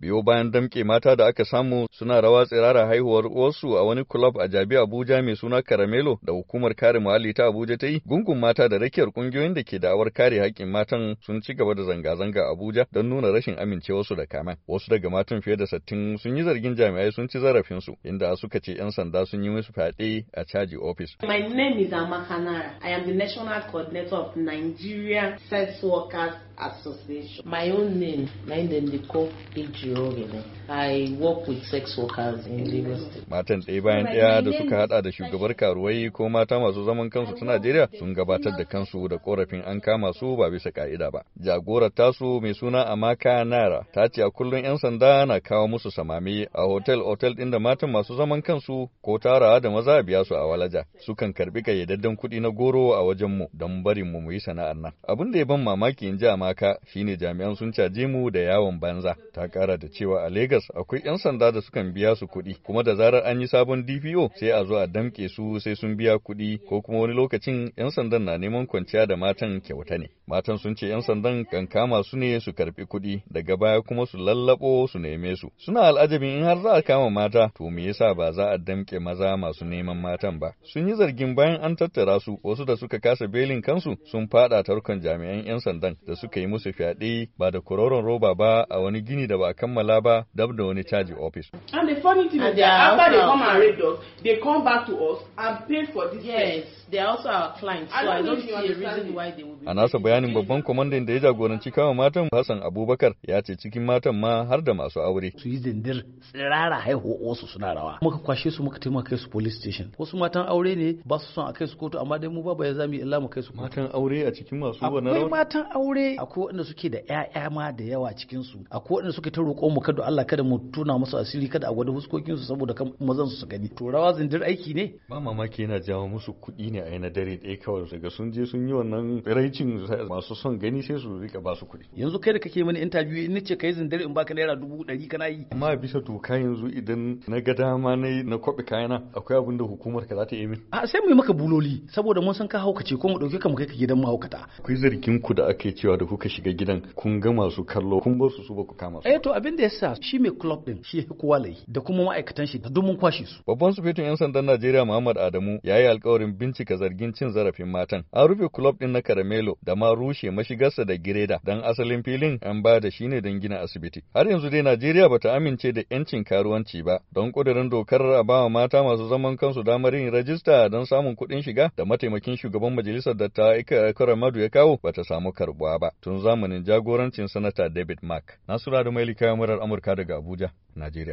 biyo bayan damƙe mata da aka samu suna rawa tsirara haihuwar uwarsu a wani kulab a Jabi Abuja mai suna Karamelo da hukumar kare muhalli ta Abuja ta yi gungun mata da rakiyar kungiyoyin da ke da'awar kare haƙƙin matan sun ci gaba da zanga-zanga Abuja don nuna rashin amincewarsu da kamen wasu daga matan fiye da sattin sun yi zargin jami'ai sun ci zarafinsu inda suka ce 'yan sanda sun yi musu fyaɗe a caji ofis. My name is Amakanara. I am the national coordinator of Nigeria sex workers Association. My own name, Ijiogene. I work with sex workers in Lagos Matan ɗaya bayan ɗaya da suka hada da shugabar karuwai ko mata masu zaman kansu ta Najeriya sun gabatar da kansu da korafin an kama su ba bisa ka'ida ba. Jagorar tasu mai suna Amaka Nara ta ce a kullum 'yan sanda na kawo musu samami a hotel-hotel ɗin da matan masu zaman kansu ko tarawa da maza biya su a walaja. Sukan karɓi kayyadaddan kuɗi na goro a wajenmu don barin mu mu yi sana'ar nan. Abin da ya ban mamaki in ji Amaka ma shi ne jami'an sun caje mu da yawon banza ta kara da cewa a Legas akwai 'yan sanda da sukan biya su kuɗi kuma da zarar an yi sabon DPO sai a zo a damƙe su sai sun biya kuɗi ko kuma wani lokacin 'yan sandan na neman kwanciya da matan kyauta ne. Matan sun ce 'yan sandan kan kama su ne su karɓi kuɗi daga baya kuma su lallaɓo su neme su. Suna al'ajabin in har za a kama mata to me yasa ba za a damƙe maza masu neman matan ba. Sun yi zargin bayan an tattara su wasu da suka kasa belin kansu sun faɗa tarkon jami'an 'yan sandan da suka aka yi musu fyaɗe ba da kororon roba ba a wani gini da ba a kammala ba dab da wani caji office. And the funny thing is that after they come and raid us, they come back to us and pay for this. Yes. They are also our clients, so I don't see a reason why they would be. A nasa bayanin babban kwamandan da ya jagoranci kama matan Hassan Abubakar ya ce cikin matan ma har da masu aure. Su yi zindir tsirara haihu wasu suna rawa. Muka kwashe su muka taimaka su police station. Wasu matan aure ne ba su son a kai su kotu amma dai mu ba ya zamu illa mu kai su. Matan aure a cikin masu wannan Akwai matan aure akwai wanda suke da ƴaƴa ma da yawa cikin su akwai wanda suke ta roƙo mu kada Allah kada mu tuna musu asiri kada a gwada huskokin su saboda kan mazan su gani to rawa zindir aiki ne ba mamaki yana jawo musu kuɗi ne a na dare ɗaya kawai daga sun je sun yi wannan raicin masu son gani sai su rika ba su kuɗi yanzu kai da kake mini interview in ce kai zindir in baka naira dubu ɗari kana yi amma bisa doka yanzu idan na ga dama na na kwaɓe kayana akwai abin da hukumar ka za ta yi min a sai mu yi maka buloli saboda mun san ka haukace ko mu ɗauke ka mu kai ka gidan mahaukata akwai zargin ku da ake cewa da kuka shiga gidan kun ga masu kallo kun bar su su ba ku kama su eh to abin da ya sa shi mai club din shi ya kuwa layi da kuma ma'aikatan shi duk mun kwashe su babban sufetun yan sandan Najeriya Muhammad Adamu ya yi alkawarin bincika zargin cin zarafin matan an rufe club din na Karamelo da ma rushe mashigarsa da gireda dan asalin filin an ba da shi ne don gina asibiti har yanzu dai Najeriya ba ta amince da yancin karuwanci ba don kudirin dokar a bawa mata masu zaman kansu damar yin rajista don samun kuɗin shiga da mataimakin shugaban majalisar da ta Ikara Madu ya kawo bata samu karbuwa ba tun zamanin jagorancin Sanata David Mark. Nasura da Mailika murar Amurka daga Abuja, Najeriya.